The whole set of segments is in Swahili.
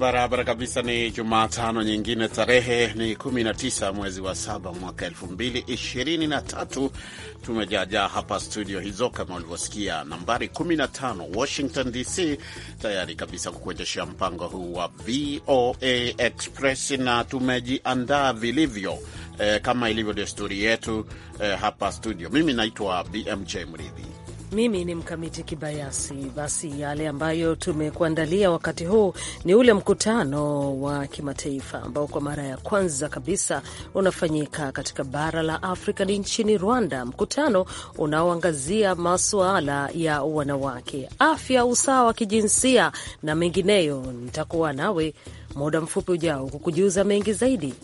barabara kabisa. Ni Jumatano nyingine, tarehe ni 19 mwezi wa saba mwaka 223 Tumejaajaa hapa studio hizo kama ulivyosikia, nambari 15 Washington DC, tayari kabisa kukuendeshea mpango huu wa VOA Express na tumejiandaa vilivyo eh, kama ilivyo desturi yetu eh, hapa studio. Mimi naitwa BMJ Mridhi mimi ni Mkamiti Kibayasi. Basi yale ambayo tumekuandalia wakati huu ni ule mkutano wa kimataifa ambao kwa mara ya kwanza kabisa unafanyika katika bara la Afrika ni nchini Rwanda, mkutano unaoangazia masuala ya wanawake, afya, usawa wa kijinsia na mengineyo. Nitakuwa nawe muda mfupi ujao kukujuza mengi zaidi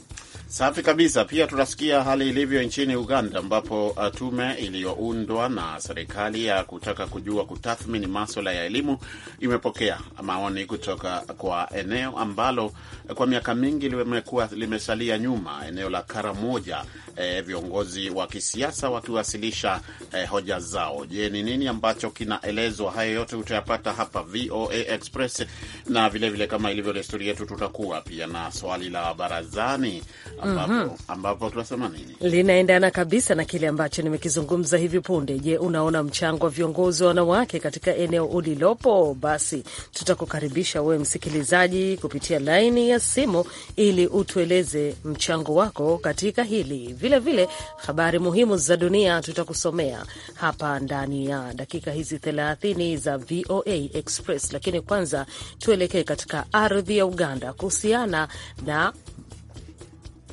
Safi kabisa. Pia tunasikia hali ilivyo nchini Uganda, ambapo uh, tume iliyoundwa na serikali ya kutaka kujua kutathmini maswala ya elimu imepokea maoni kutoka kwa eneo ambalo kwa miaka mingi limekuwa limesalia nyuma, eneo la Karamoja eh, viongozi wa kisiasa wakiwasilisha eh, hoja zao. Je, ni nini ambacho kinaelezwa? Hayo yote utayapata hapa VOA Express, na vilevile vile kama ilivyo desturi yetu tutakuwa pia na swali la barazani ambapo, mm -hmm. ambapo tunasema nini linaendana kabisa na kile ambacho nimekizungumza hivi punde. Je, unaona mchango wa viongozi wa wanawake katika eneo ulilopo? Basi tutakukaribisha wewe msikilizaji kupitia laini ya simu ili utueleze mchango wako katika hili. Vilevile habari muhimu za dunia tutakusomea hapa ndani ya dakika hizi 30 za VOA Express, lakini kwanza tuelekee katika ardhi ya Uganda kuhusiana na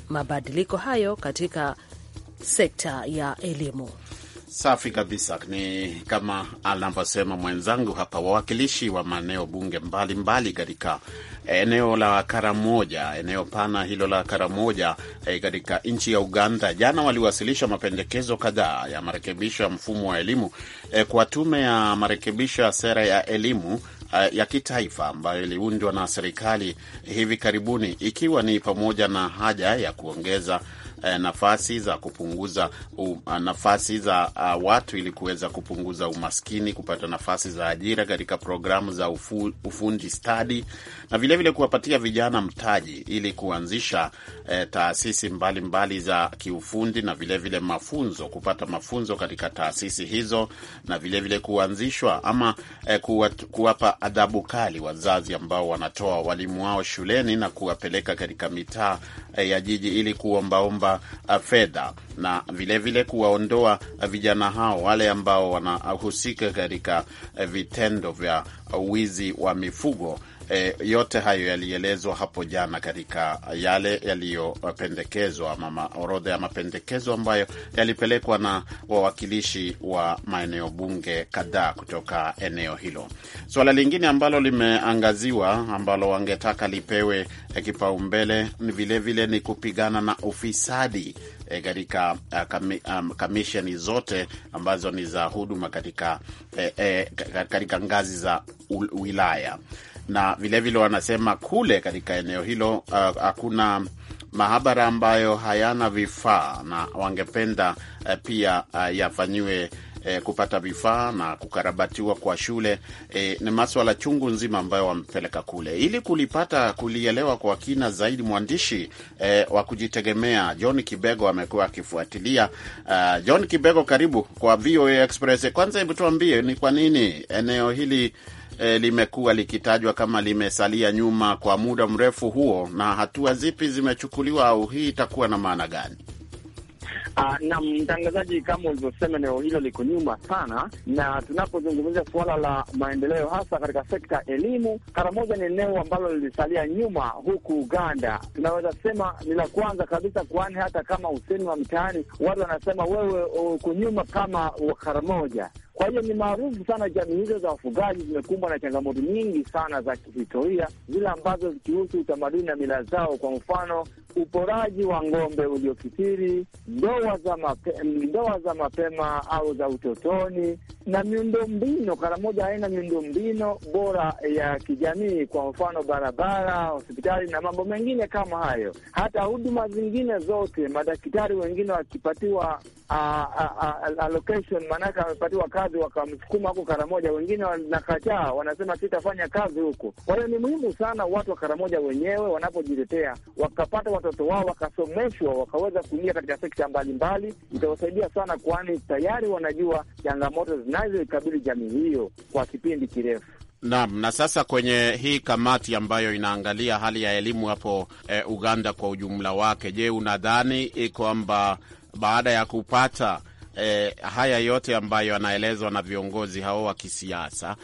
mabadiliko hayo katika sekta ya elimu. Safi kabisa. Ni kama anavyosema mwenzangu hapa, wawakilishi wa maeneo bunge mbalimbali katika eneo la Karamoja, eneo pana hilo la Karamoja e, katika nchi ya Uganda, jana waliwasilisha mapendekezo kadhaa ya marekebisho ya mfumo wa elimu e, kwa tume ya marekebisho ya sera ya elimu eh, ya kitaifa ambayo iliundwa na serikali hivi karibuni, ikiwa ni pamoja na haja ya kuongeza eh, nafasi za kupunguza um, nafasi za uh, watu ili kuweza kupunguza umaskini, kupata nafasi za ajira katika programu za ufu, ufundi stadi na vilevile kuwapatia vijana mtaji ili kuanzisha eh, taasisi mbalimbali mbali za kiufundi na vilevile vile mafunzo, kupata mafunzo katika taasisi hizo na vilevile vile kuanzishwa ama eh, kuwapa adhabu kali wazazi ambao wanatoa walimu wao shuleni na kuwapeleka katika mitaa eh, ya jiji ili kuombaomba Uh, fedha na vilevile kuwaondoa vijana hao wale ambao wanahusika katika eh, vitendo vya uh, wizi wa mifugo E, yote hayo yalielezwa hapo jana katika yale yaliyopendekezwa ama orodha ya mapendekezo ambayo yalipelekwa na wawakilishi wa maeneo bunge kadhaa kutoka eneo hilo. Suala so, lingine ambalo limeangaziwa ambalo wangetaka lipewe e, kipaumbele vilevile ni kupigana na ufisadi e, katika e, e kamisheni um, zote ambazo ni za huduma katika e, e, katika ngazi za wilaya na vilevile vile wanasema kule katika eneo hilo uh, hakuna uh, mahabara ambayo hayana vifaa na wangependa uh, pia uh, yafanyiwe E, kupata vifaa na kukarabatiwa kwa shule e, ni maswala chungu nzima ambayo wamepeleka kule ili kulipata kulielewa kwa kina zaidi. Mwandishi e, wa kujitegemea John Kibego amekuwa akifuatilia. Uh, John Kibego, karibu kwa VOA Express. Kwanza hebu tuambie ni kwa nini eneo hili e, limekuwa likitajwa kama limesalia nyuma kwa muda mrefu huo, na hatua zipi zimechukuliwa au hii itakuwa na maana gani? Uh, ah, na mtangazaji, kama ulivyosema, eneo hilo liko nyuma sana, na tunapozungumzia suala la maendeleo hasa katika sekta elimu, Karamoja ni eneo ambalo lilisalia nyuma huku Uganda, tunaweza sema ni la kwanza kabisa, kwani hata kama usemi wa mtaani watu wanasema wewe uko nyuma kama Karamoja. Kwa hiyo ni maarufu sana, jamii hizo za wafugaji zimekumbwa na changamoto nyingi sana za kihistoria, zile ambazo zikihusu utamaduni na mila zao. Kwa mfano uporaji wa ng'ombe uliokithiri, ndoa za mapema, ndoa za mapema au za utotoni, na miundombinu. Karamoja haina miundombinu bora ya kijamii, kwa mfano barabara, hospitali na mambo mengine kama hayo. Hata huduma zingine zote, madaktari wengine wakipatiwa allocation, maanake amepatiwa kazi wakamsukuma huko Karamoja, wengine wanakataa, wanasema sitafanya kazi huko. Kwa hiyo ni muhimu sana watu wa moja wenyewe wanapojiletea wakapata watoto wao wakasomeshwa, wakaweza kuingia katika sekta mbalimbali, itawasaidia sana, kwani tayari wanajua changamoto zinazoikabili jamii hiyo kwa kipindi kirefu. Naam. Na sasa kwenye hii kamati ambayo inaangalia hali ya elimu hapo e, Uganda kwa ujumla wake, je, unadhani kwamba baada ya kupata e, haya yote ambayo anaelezwa na viongozi hao wa kisiasa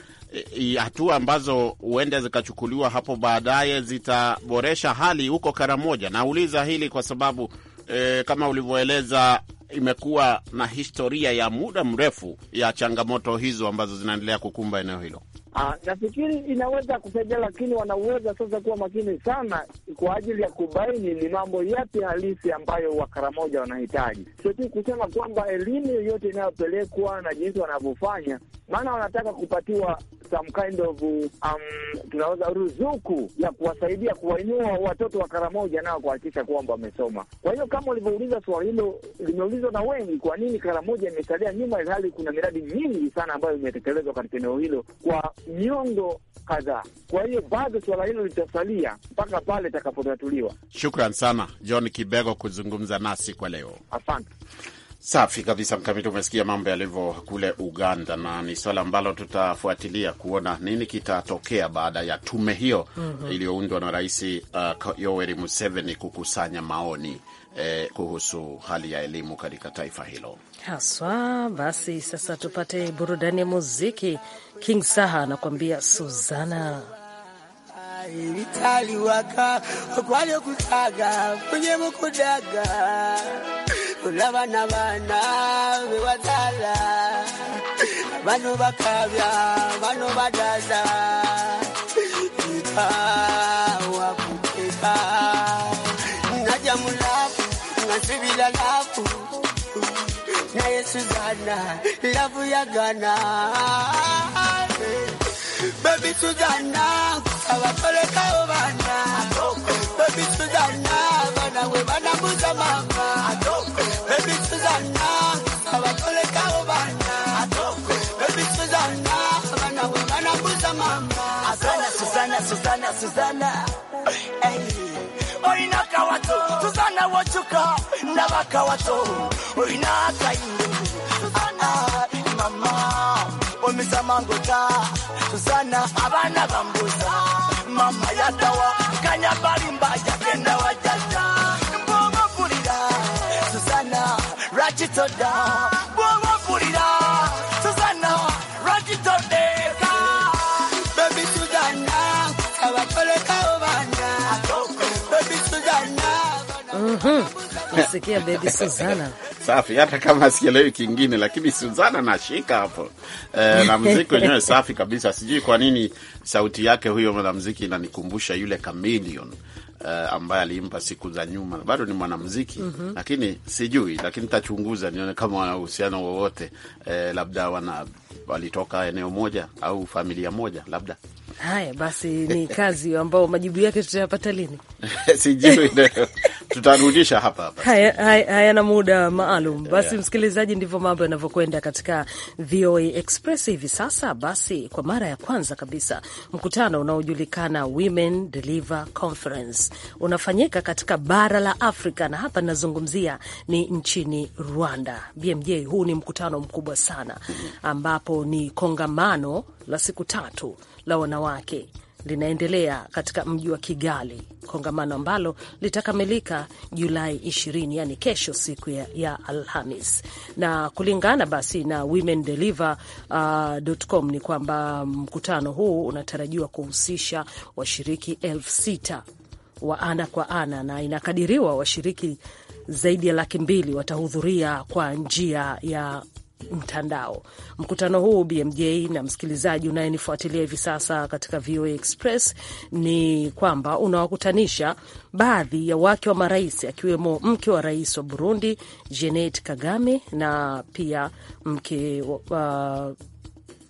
hatua ambazo huenda zikachukuliwa hapo baadaye zitaboresha hali huko Karamoja. Nauliza hili kwa sababu e, kama ulivyoeleza imekuwa na historia ya muda mrefu ya changamoto hizo ambazo zinaendelea kukumba eneo hilo. Ah, nafikiri inaweza kusaidia, lakini wanaweza sasa kuwa makini sana kwa ajili ya kubaini ni mambo yapi halisi ambayo Wakaramoja wanahitaji, sio tu kusema kwamba elimu yoyote inayopelekwa na jinsi wanavyofanya, maana wanataka kupatiwa some kind of um, tunaweza ruzuku ya kuwasaidia kuwainua watoto wa Karamoja nao kuhakikisha kwamba wamesoma. Kwa hiyo kama ulivyouliza swali hilo, limeulizwa na wengi, kwa nini Karamoja imesalia nyuma, ilhali kuna miradi mingi sana ambayo imetekelezwa katika eneo hilo kwa miongo kadhaa. Kwa hiyo bado suala hilo litasalia mpaka pale itakapotatuliwa. Shukran sana John Kibego kuzungumza nasi kwa leo, asante. Safi kabisa, Mkamiti. Umesikia mambo yalivyo kule Uganda, na ni swala ambalo tutafuatilia kuona nini kitatokea baada ya tume hiyo mm -hmm. iliyoundwa na Rais uh, Yoweri Museveni kukusanya maoni eh, kuhusu hali ya elimu katika taifa hilo haswa. Basi sasa tupate burudani ya muziki. King Saha anakuambia Suzana litaliwaka wakwaliokutaga kwenye mukudaga ulabana bana bewazala bano bakabya bano badaza ita wakukeka najamulafu nasivila lafu highest we Ghana, love we are Ghana. Baby to Ghana, our Poleka Obana. Baby to Ghana, Bana Webana Musamama. Baby to Ghana, our Poleka Obana. Baby to Ghana, Bana Webana mama. Susanna, Susanna, Susanna, Susanna. Hey olina kawato tuzana wocuka ndaba kawato olina akayindo ah, ah, mama omisa mangota tuzana abaana bambuza mama yadawa kanya balimba yagenda wajaja mbobagulira tuzana lwaki toda Nasikia baby Suzana. Safi, hata kama sielewi kingine, lakini Suzana nashika hapo e, na muziki wenyewe safi kabisa. Sijui kwa nini sauti yake huyo mwanamuziki inanikumbusha yule Chameleon Uh, ambaye aliimba siku za nyuma, bado ni mwanamuziki mm -hmm. Lakini sijui, lakini tachunguza nione kama wana uhusiano wowote uh, labda wana walitoka eneo moja au familia moja labda Haya basi, ni kazi ambao majibu yake tutayapata lini sijui. Tutarudisha hapa hapa, haya hayana muda maalum. Basi yeah. Msikilizaji, ndivyo mambo yanavyokwenda katika VOA Express hivi sasa. Basi kwa mara ya kwanza kabisa mkutano unaojulikana Women Deliver Conference unafanyika katika bara la Afrika, na hapa nazungumzia ni nchini Rwanda. BMJ, huu ni mkutano mkubwa sana mm-hmm. ambapo ni kongamano la siku tatu la wanawake linaendelea katika mji wa Kigali, kongamano ambalo litakamilika Julai 20, yani kesho, siku ya, ya Alhamis. Na kulingana basi na Women Deliver uh, com ni kwamba mkutano huu unatarajiwa kuhusisha washiriki elfu sita wa ana kwa ana na inakadiriwa washiriki zaidi ya laki mbili watahudhuria kwa njia ya mtandao. Mkutano huu BMJ na msikilizaji unayenifuatilia hivi sasa katika VOA Express ni kwamba unawakutanisha baadhi ya wake wa marais akiwemo mke wa rais wa Burundi Jeanette Kagame na pia mke wa uh,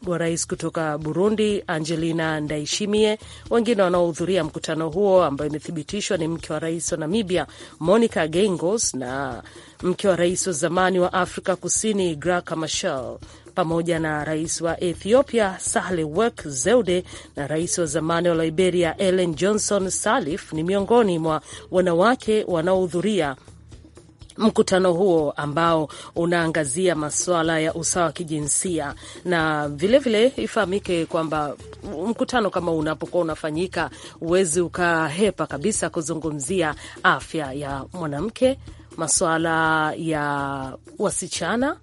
wa rais kutoka Burundi, Angelina Ndaishimie. Wengine wanaohudhuria mkutano huo ambayo imethibitishwa ni mke wa rais wa Namibia Monica gengos na mke wa rais wa zamani wa Afrika Kusini Graca Machel pamoja na rais wa Ethiopia Sahle Work Zewde na rais wa zamani wa Liberia Ellen Johnson Sirleaf ni miongoni mwa wanawake wanaohudhuria mkutano huo ambao unaangazia masuala ya usawa wa kijinsia na vilevile, ifahamike kwamba mkutano kama unapokuwa unafanyika, huwezi ukahepa kabisa kuzungumzia afya ya mwanamke, masuala ya wasichana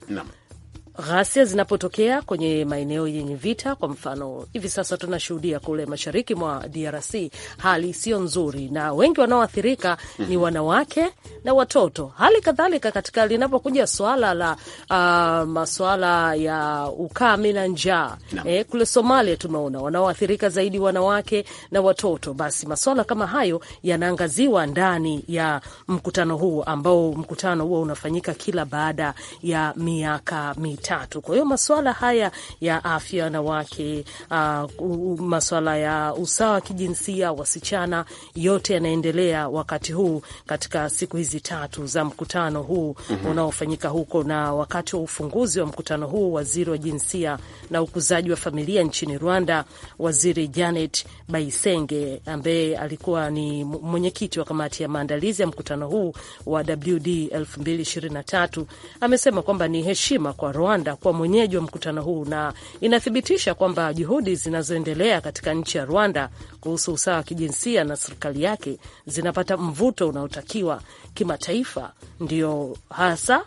ghasia zinapotokea kwenye maeneo yenye vita. Kwa mfano, hivi sasa tunashuhudia kule mashariki mwa DRC hali sio nzuri, na wengi wanaoathirika ni mhm. wanawake na watoto. Hali kadhalika katika linapokuja swala la uh, maswala ya ukame na njaa no. Eh, kule Somalia tumeona wanaoathirika zaidi wanawake na watoto. Basi maswala kama hayo yanaangaziwa ndani ya mkutano huu ambao mkutano huo unafanyika kila baada ya miaka mita tatu. Kwa hiyo masuala haya ya afya wanawake, uh, masuala ya usawa wa kijinsia, wasichana, yote yanaendelea wakati huu katika siku hizi tatu za mkutano huu mm -hmm. unaofanyika huko, na wakati wa ufunguzi wa mkutano huu, waziri wa jinsia na ukuzaji wa familia nchini Rwanda, waziri Janet Baisenge ambaye alikuwa ni mwenyekiti wa kamati ya maandalizi ya mkutano huu wa WD 2023 amesema kwamba ni heshima kwa Rwanda Rwanda kuwa mwenyeji wa mkutano huu na inathibitisha kwamba juhudi zinazoendelea katika nchi ya Rwanda kuhusu usawa wa kijinsia na serikali yake zinapata mvuto unaotakiwa kimataifa, ndio hasa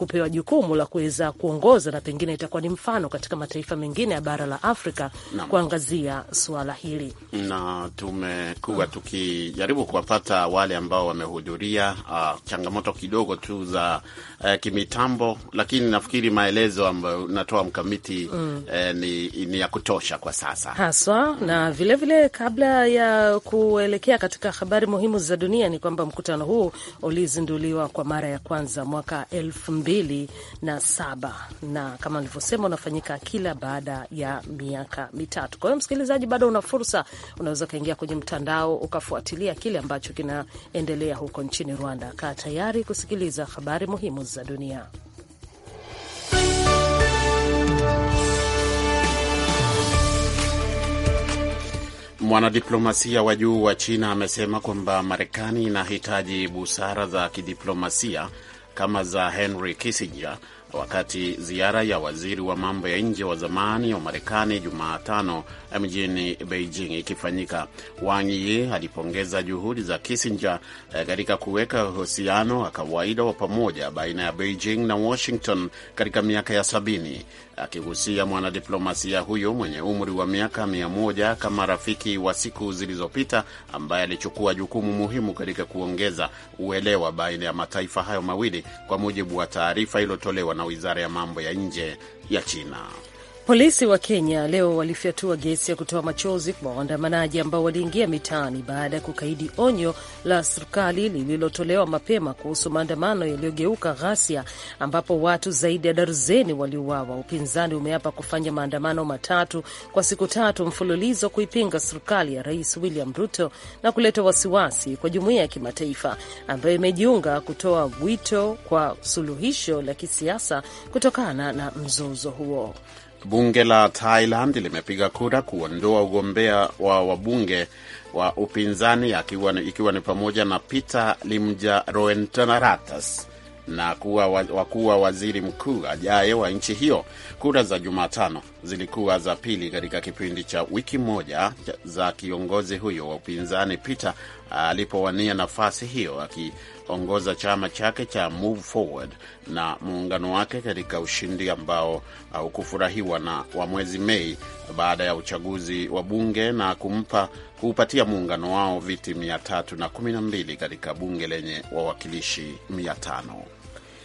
kupewa jukumu la kuweza kuongoza na pengine itakuwa ni mfano katika mataifa mengine ya bara la Afrika na kuangazia suala hili, na tumekuwa tukijaribu kuwapata wale ambao wamehudhuria. Uh, changamoto kidogo tu za uh, kimitambo, lakini nafikiri maelezo ambayo natoa mkamiti mm. eh, ni, ni ya kutosha kwa sasa haswa mm. na vilevile vile kabla ya kuelekea katika habari muhimu za dunia ni kwamba mkutano huu ulizinduliwa kwa mara ya kwanza mwaka elfu mbili mbili na saba, na kama nilivyosema unafanyika kila baada ya miaka mitatu. Kwa hiyo msikilizaji, bado una fursa, unaweza ukaingia kwenye mtandao ukafuatilia kile ambacho kinaendelea huko nchini Rwanda. Kaa tayari kusikiliza habari muhimu za dunia. Mwanadiplomasia wa juu wa China amesema kwamba Marekani inahitaji busara za kidiplomasia kama za Henry Kissinger wakati ziara ya waziri wa mambo ya nje wa zamani wa Marekani Jumatano mjini Beijing ikifanyika. Wang Yi alipongeza juhudi za Kissinger eh, katika kuweka uhusiano wa kawaida wa pamoja baina ya Beijing na Washington katika miaka ya sabini, akihusia mwanadiplomasia huyo mwenye umri wa miaka mia moja kama rafiki wa siku zilizopita ambaye alichukua jukumu muhimu katika kuongeza uelewa baina ya mataifa hayo mawili, kwa mujibu wa taarifa iliyotolewa na wizara ya mambo ya nje ya China. Polisi wa Kenya leo walifyatua gesi ya kutoa machozi kwa waandamanaji ambao waliingia mitaani baada ya kukaidi onyo la serikali lililotolewa mapema kuhusu maandamano yaliyogeuka ghasia, ambapo watu zaidi ya darzeni waliuawa. Upinzani umeapa kufanya maandamano matatu kwa siku tatu mfululizo kuipinga serikali ya Rais William Ruto na kuleta wasiwasi kwa jumuiya ya kimataifa ambayo imejiunga kutoa wito kwa suluhisho la kisiasa kutokana na mzozo huo. Bunge la Thailand limepiga kura kuondoa ugombea wa wabunge wa upinzani akiwa, ikiwa ni pamoja na Peter Limjaroenratanarat na kuwa wakuu wa waziri mkuu ajaye wa nchi hiyo. Kura za Jumatano zilikuwa za pili katika kipindi cha wiki moja za kiongozi huyo wa upinzani Peter alipowania nafasi hiyo, ongoza chama chake cha Move Forward na muungano wake katika ushindi ambao haukufurahiwa na wa mwezi Mei baada ya uchaguzi wa bunge na kumpa kuupatia muungano wao viti 312 katika bunge lenye wawakilishi 500.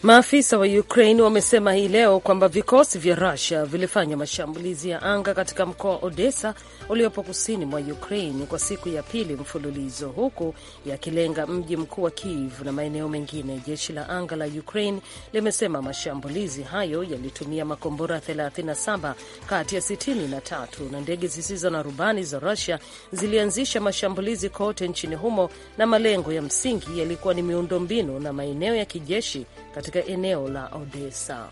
Maafisa wa Ukraine wamesema hii leo kwamba vikosi vya Rusia vilifanya mashambulizi ya anga katika mkoa wa Odessa uliopo kusini mwa Ukraine kwa siku ya pili mfululizo, huku yakilenga mji mkuu wa Kiev na maeneo mengine. Jeshi la anga la Ukraine limesema mashambulizi hayo yalitumia makombora 37 kati ya 63 na ndege zisizo na rubani za Rusia zilianzisha mashambulizi kote nchini humo, na malengo ya msingi yalikuwa ni miundombinu na maeneo ya kijeshi katika katika eneo la Odessa.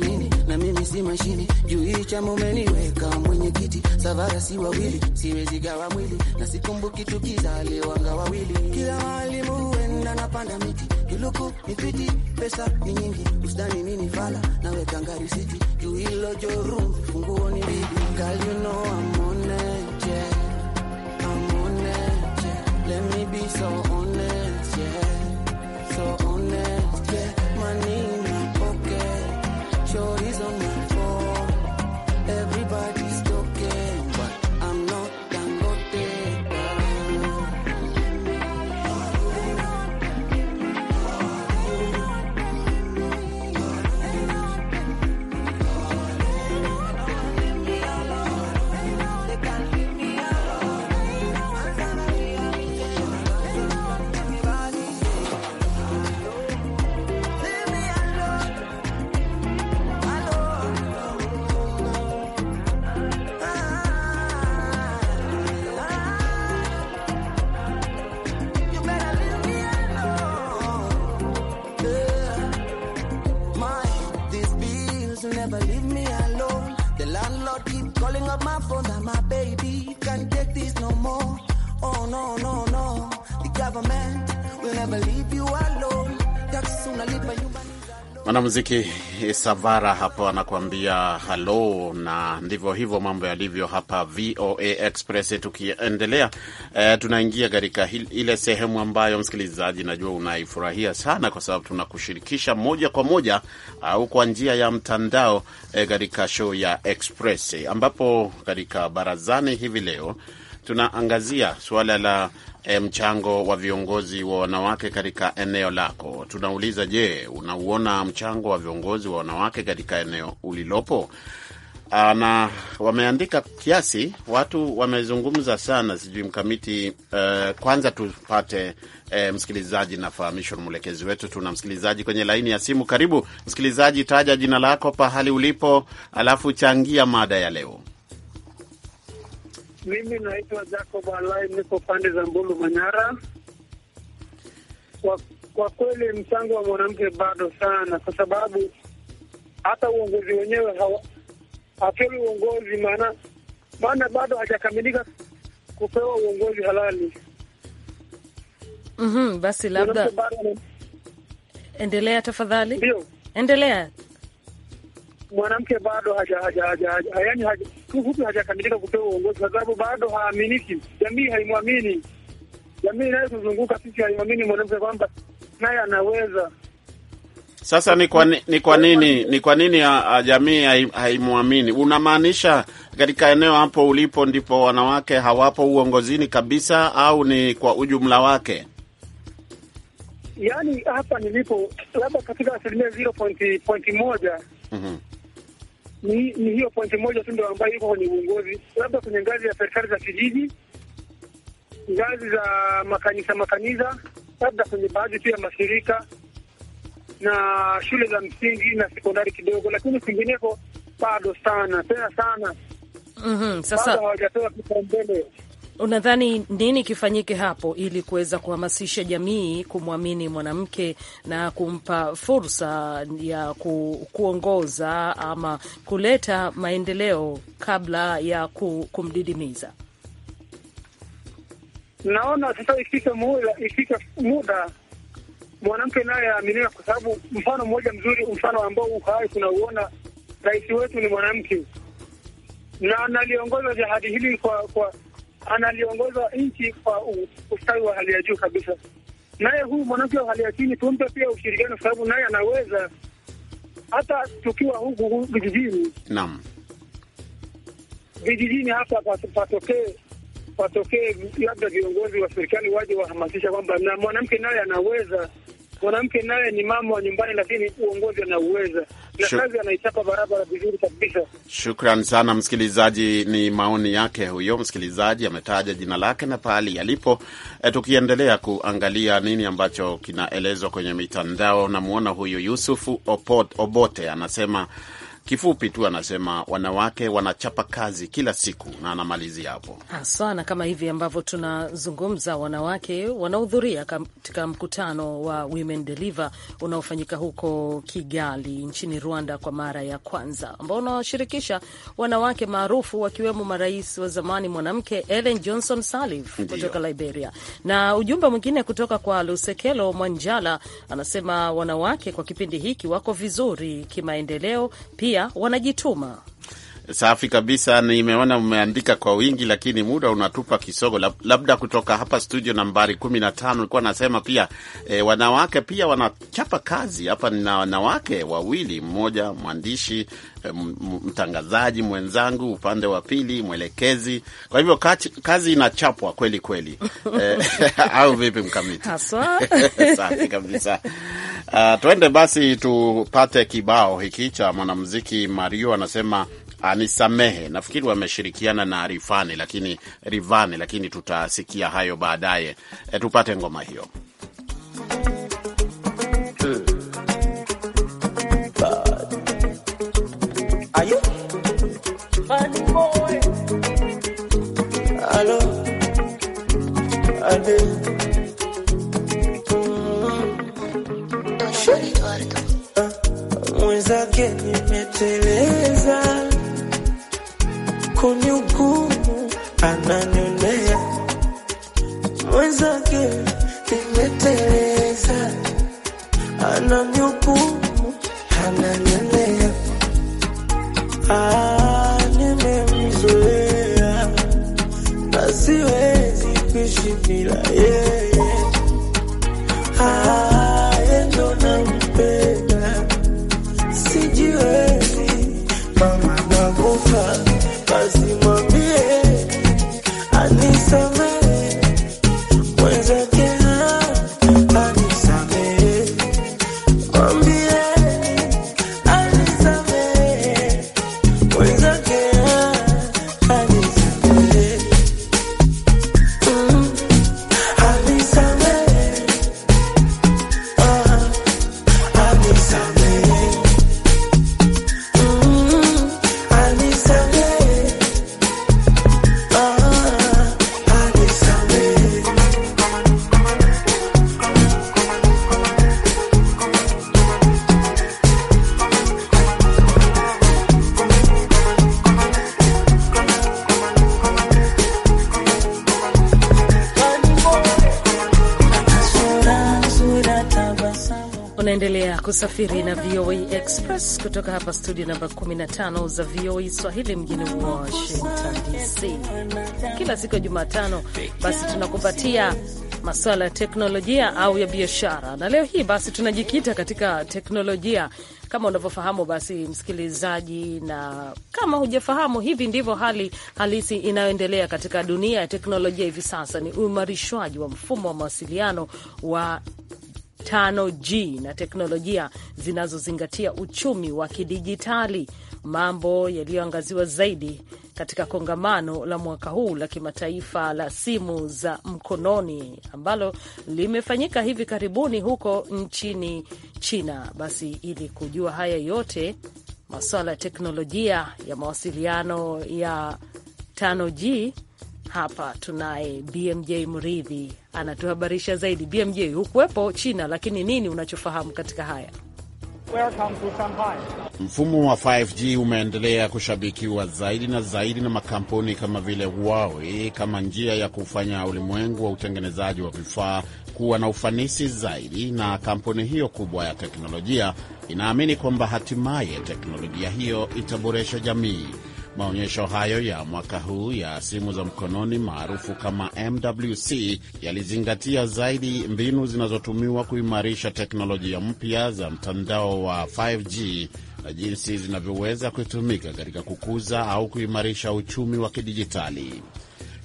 Nini na mimi si mashini juu hii chama Savara si wawili, siwezi gawa mwili na sikumbuki tukizaliwanga wawili. Kila walimu huenda napanda miti, kiluku ni fiti, pesa ni nyingi, ustani mi ni fala, nawekanga risiti juu hilo joru, funguo ni bibi Girl, you know I'm on it, yeah. I'm on it, yeah. Let me be so on no, no, no. The government will never leave you alone. Tax unalipa nyumba Mwanamuziki Savara hapo anakuambia halo, na ndivyo hivyo mambo yalivyo hapa VOA Express. Tukiendelea e, tunaingia katika ile sehemu ambayo msikilizaji, najua unaifurahia sana, kwa sababu tunakushirikisha moja kwa moja au kwa njia ya mtandao eh, katika e, show ya Express, ambapo katika barazani hivi leo tunaangazia suala la e, mchango wa viongozi wa wanawake katika eneo lako. Tunauliza, je, unauona mchango wa viongozi wa wanawake katika eneo ulilopo? Ah, na wameandika kiasi, watu wamezungumza sana, sijui mkamiti. Uh, kwanza tupate uh, msikilizaji na fahamisho mwelekezi wetu. Tuna msikilizaji kwenye laini ya simu. Karibu msikilizaji, taja jina lako, pahali ulipo, alafu changia mada ya leo. Mimi naitwa Jacob Alai, niko pande za Mbulu, Manyara. Kwa, kwa kweli mchango wa mwanamke bado sana, kwa sababu hata uongozi wenyewe hapewi uongozi, maana maana bado hajakamilika kupewa uongozi halali. mm -hmm, basi labda endelea tafadhali, ndio endelea. Mwanamke bado haja, haja, haja, haja, yani haja huyu hajakamilika kupewa uongozi, kwa sababu bado haaminiki, jamii haimwamini. Jamii inayotuzunguka sisi haimwamini mwanamke kwamba naye anaweza. Sasa ni kwa, ni kwa nini ni kwa nini jamii haimwamini? Unamaanisha katika eneo hapo ulipo ndipo wanawake hawapo uongozini kabisa, au ni kwa ujumla wake? Yaani hapa nilipo labda katika asilimia zero moja. mm -hmm ni, ni hiyo pointi moja tu ndio ambayo iko kwenye uongozi, labda kwenye ngazi ya serikali za kijiji, ngazi za makanisa makanisa, labda kwenye baadhi tu ya mashirika na shule za msingi na sekondari kidogo, lakini kwingineko bado sana tena sana. mm -hmm, sasa hawajapewa kipaumbele. Unadhani nini kifanyike hapo ili kuweza kuhamasisha jamii kumwamini mwanamke na kumpa fursa ya ku, kuongoza ama kuleta maendeleo kabla ya ku, kumdidimiza? Naona sasa ifike muda, ifike muda mwanamke naye aaminiwe, kwa sababu mfano mmoja mzuri, mfano ambao uhai tunauona, rais wetu ni mwanamke na naliongoza jahadi hili kwa kwa analiongoza nchi kwa ustawi wa hali ya juu kabisa. Naye huyu mwanamke wa hali ya chini tumpe pia ushirikiano, sababu naye anaweza hata tukiwa huku vijijini. Naam, vijijini hapa patokee patokee labda viongozi wa serikali waje wahamasisha kwamba na mwanamke naye anaweza mwanamke naye ni mama wa nyumbani, lakini uongozi anauweza na Shuk kazi anaichapa barabara vizuri kabisa. Shukran sana msikilizaji, ni maoni yake huyo msikilizaji, ametaja jina lake na pahali yalipo. E, eh, tukiendelea kuangalia nini ambacho kinaelezwa kwenye mitandao, namwona huyu Yusufu Opot, Obote anasema Kifupi tu anasema wanawake wanachapa kazi kila siku, na anamalizia hapo haswa, ah, na kama hivi ambavyo tunazungumza, wanawake wanahudhuria katika mkutano wa Women Deliver unaofanyika huko Kigali nchini Rwanda kwa mara ya kwanza, ambao unawashirikisha wanawake maarufu wakiwemo marais wa zamani mwanamke Ellen Johnson Sirleaf kutoka Liberia. Na ujumbe mwingine kutoka kwa Lusekelo Mwanjala anasema wanawake kwa kipindi hiki wako vizuri kimaendeleo pia pia wanajituma. Safi kabisa, nimeona umeandika kwa wingi, lakini muda unatupa kisogo. Labda kutoka hapa studio nambari kumi na tano ulikuwa nasema pia e, wanawake pia wanachapa kazi hapa. Nina wanawake wawili, mmoja mwandishi eh, mtangazaji mwenzangu, upande wa pili mwelekezi. Kwa hivyo kazi, kazi inachapwa kweli kweli eh, au vipi mkamiti? Safi kabisa. Uh, ah, tuende basi tupate kibao hiki cha mwanamuziki Mario anasema anisamehe, nafikiri wameshirikiana na Rifani lakini Rivani, lakini tutasikia hayo baadaye. E, tupate ngoma hiyo. usafiri na VOA e Express kutoka hapa studio namba 15 za VOA e Swahili mjini Washington DC. Kila siku ya Jumatano basi tunakupatia masuala ya teknolojia au ya biashara, na leo hii basi tunajikita katika teknolojia. Kama unavyofahamu basi, msikilizaji, na kama hujafahamu, hivi ndivyo hali halisi inayoendelea katika dunia ya teknolojia hivi sasa: ni uimarishwaji wa mfumo wa mawasiliano wa 5G na teknolojia zinazozingatia uchumi wa kidijitali, mambo yaliyoangaziwa zaidi katika kongamano la mwaka huu la kimataifa la simu za mkononi ambalo limefanyika hivi karibuni huko nchini China. Basi ili kujua haya yote, masuala ya teknolojia ya mawasiliano ya 5G, hapa tunaye BMJ Mridhi anatuhabarisha zaidi. BMJ, hukuwepo China, lakini nini unachofahamu katika haya? Mfumo wa 5G umeendelea kushabikiwa zaidi na zaidi na makampuni kama vile Huawei kama njia ya kufanya ulimwengu wa utengenezaji wa vifaa kuwa na ufanisi zaidi, na kampuni hiyo kubwa ya teknolojia inaamini kwamba hatimaye teknolojia hiyo itaboresha jamii. Maonyesho hayo ya mwaka huu ya simu za mkononi maarufu kama MWC yalizingatia zaidi mbinu zinazotumiwa kuimarisha teknolojia mpya za mtandao wa 5G na jinsi zinavyoweza kutumika katika kukuza au kuimarisha uchumi wa kidijitali.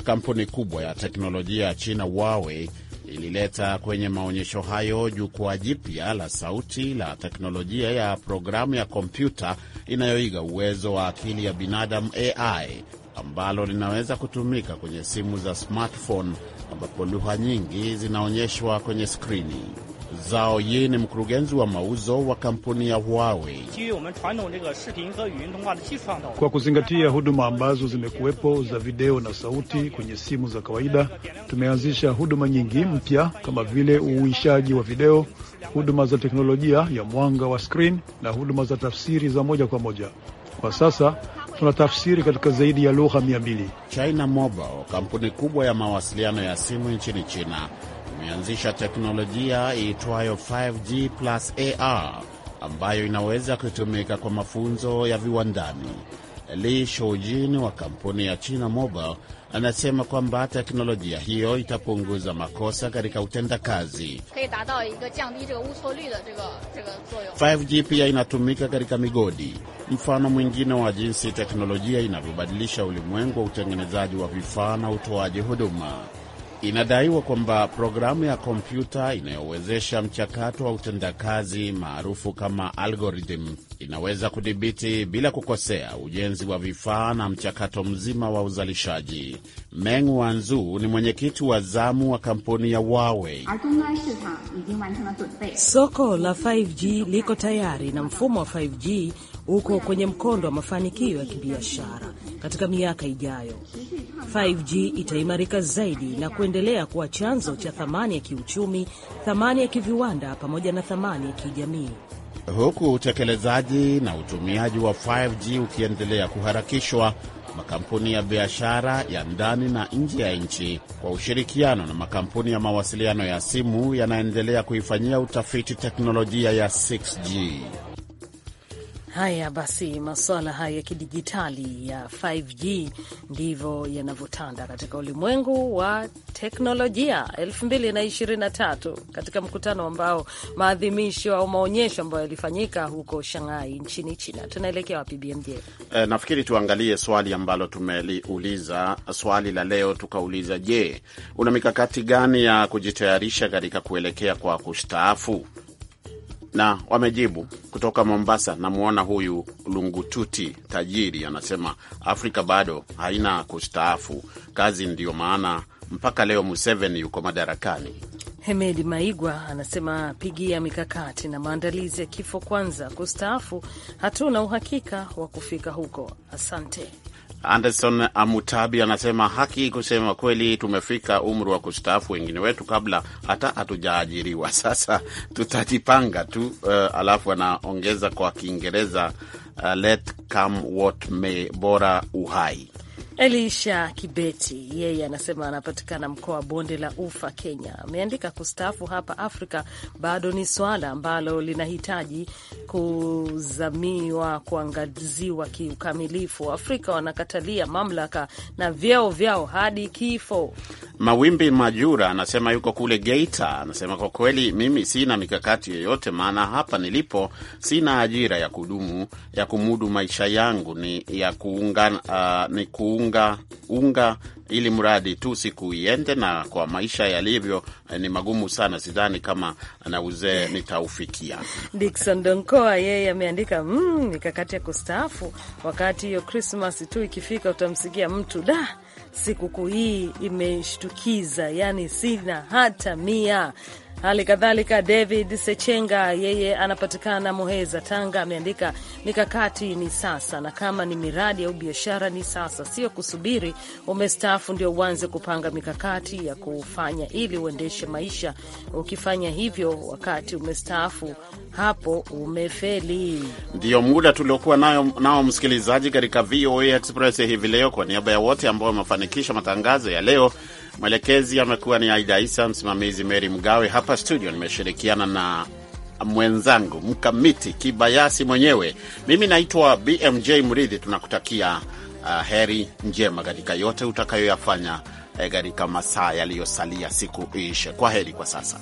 Kampuni kubwa ya teknolojia ya China Huawei ilileta kwenye maonyesho hayo jukwaa jipya la sauti la teknolojia ya programu ya kompyuta inayoiga uwezo wa akili ya binadamu AI ambalo linaweza kutumika kwenye simu za smartphone ambapo lugha nyingi zinaonyeshwa kwenye skrini. Zao Yi ni mkurugenzi wa mauzo wa kampuni ya Huawei. Kwa kuzingatia huduma ambazo zimekuwepo za video na sauti kwenye simu za kawaida, tumeanzisha huduma nyingi mpya kama vile uuishaji wa video, huduma za teknolojia ya mwanga wa screen na huduma za tafsiri za moja kwa moja. Kwa sasa tuna tafsiri katika zaidi ya lugha 200. China Mobile, kampuni kubwa ya mawasiliano ya simu nchini China imeanzisha teknolojia iitwayo 5G plus AR ambayo inaweza kutumika kwa mafunzo ya viwandani. Li Shoujin wa kampuni ya China Mobile anasema kwamba teknolojia hiyo itapunguza makosa katika utendakazi. 5G pia inatumika katika migodi. Mfano mwingine wa jinsi teknolojia inavyobadilisha ulimwengu wa utengenezaji wa vifaa na utoaji huduma. Inadaiwa kwamba programu ya kompyuta inayowezesha mchakato wa utendakazi maarufu kama algorithm inaweza kudhibiti bila kukosea ujenzi wa vifaa na mchakato mzima wa uzalishaji. Meng Wanzu ni mwenyekiti wa zamu wa kampuni ya Huawei. Soko la 5G liko tayari na mfumo wa 5G uko kwenye mkondo wa mafanikio ya kibiashara katika miaka ijayo. 5G itaimarika zaidi na kuendelea kuwa chanzo cha thamani ya kiuchumi, thamani ya kiviwanda, pamoja na thamani ya kijamii. Huku utekelezaji na utumiaji wa 5G ukiendelea kuharakishwa, makampuni ya biashara ya ndani na nje ya nchi kwa ushirikiano na makampuni ya mawasiliano ya simu yanaendelea kuifanyia utafiti teknolojia ya 6G. Haya basi, masuala haya ya kidijitali ya 5G ndivyo yanavyotanda katika ulimwengu wa teknolojia 2023 katika mkutano ambao maadhimisho au maonyesho ambayo yalifanyika huko Shanghai nchini China. Tunaelekea wapi BMJ? E, eh, nafikiri tuangalie swali ambalo tumeliuliza swali la leo, tukauliza je, una mikakati gani ya kujitayarisha katika kuelekea kwa kustaafu? na wamejibu kutoka Mombasa. Namwona huyu Lungututi tajiri anasema Afrika bado haina kustaafu kazi, ndiyo maana mpaka leo Museveni yuko madarakani. Hemedi Maigwa anasema pigia mikakati na maandalizi ya kifo kwanza, kustaafu hatuna uhakika wa kufika huko. Asante. Anderson Amutabi anasema haki kusema kweli, tumefika umri wa kustaafu wengine wetu kabla hata hatujaajiriwa. Sasa tutajipanga tu. Uh, alafu anaongeza kwa Kiingereza, uh, let come what may, bora uhai Elisha Kibeti yeye anasema anapatikana mkoa wa bonde la Ufa, Kenya. Ameandika kustaafu hapa Afrika bado ni swala ambalo linahitaji kuzamiwa, kuangaziwa kiukamilifu. Afrika wanakatalia mamlaka na vyeo vyao hadi kifo. Mawimbi Majura anasema yuko kule Geita, anasema kwa kweli mimi sina mikakati yoyote, maana hapa nilipo sina ajira ya kudumu ya kumudu maisha yangu, ni ya kuunga, uh, ah, ni kuunga unga, unga ili mradi tu siku iende, na kwa maisha yalivyo eh, ni magumu sana, sidhani kama na uzee nitaufikia. dikson Donkoa yeye ameandika mm, mikakati mm, ya kustaafu. Wakati hiyo Krismas tu ikifika, utamsikia mtu da sikukuu hii imeshtukiza, yani sina hata mia Hali kadhalika David Sechenga, yeye anapatikana Muheza, Tanga, ameandika mikakati ni sasa, na kama ni miradi au biashara ni sasa, sio kusubiri umestaafu ndio uanze kupanga mikakati ya kufanya ili uendeshe maisha. Ukifanya hivyo wakati umestaafu, hapo umefeli. Ndiyo muda tuliokuwa nao, nao msikilizaji, katika VOA Express hivi leo. Kwa niaba ya wote ambao wamefanikisha matangazo ya leo Mwelekezi amekuwa ni Aida Isa, msimamizi Meri Mgawe. Hapa studio nimeshirikiana na mwenzangu Mkamiti Kibayasi mwenyewe. Mimi naitwa BMJ Mridhi. Tunakutakia uh, heri njema katika yote utakayoyafanya eh, katika masaa yaliyosalia siku iishe. Kwa heri kwa sasa.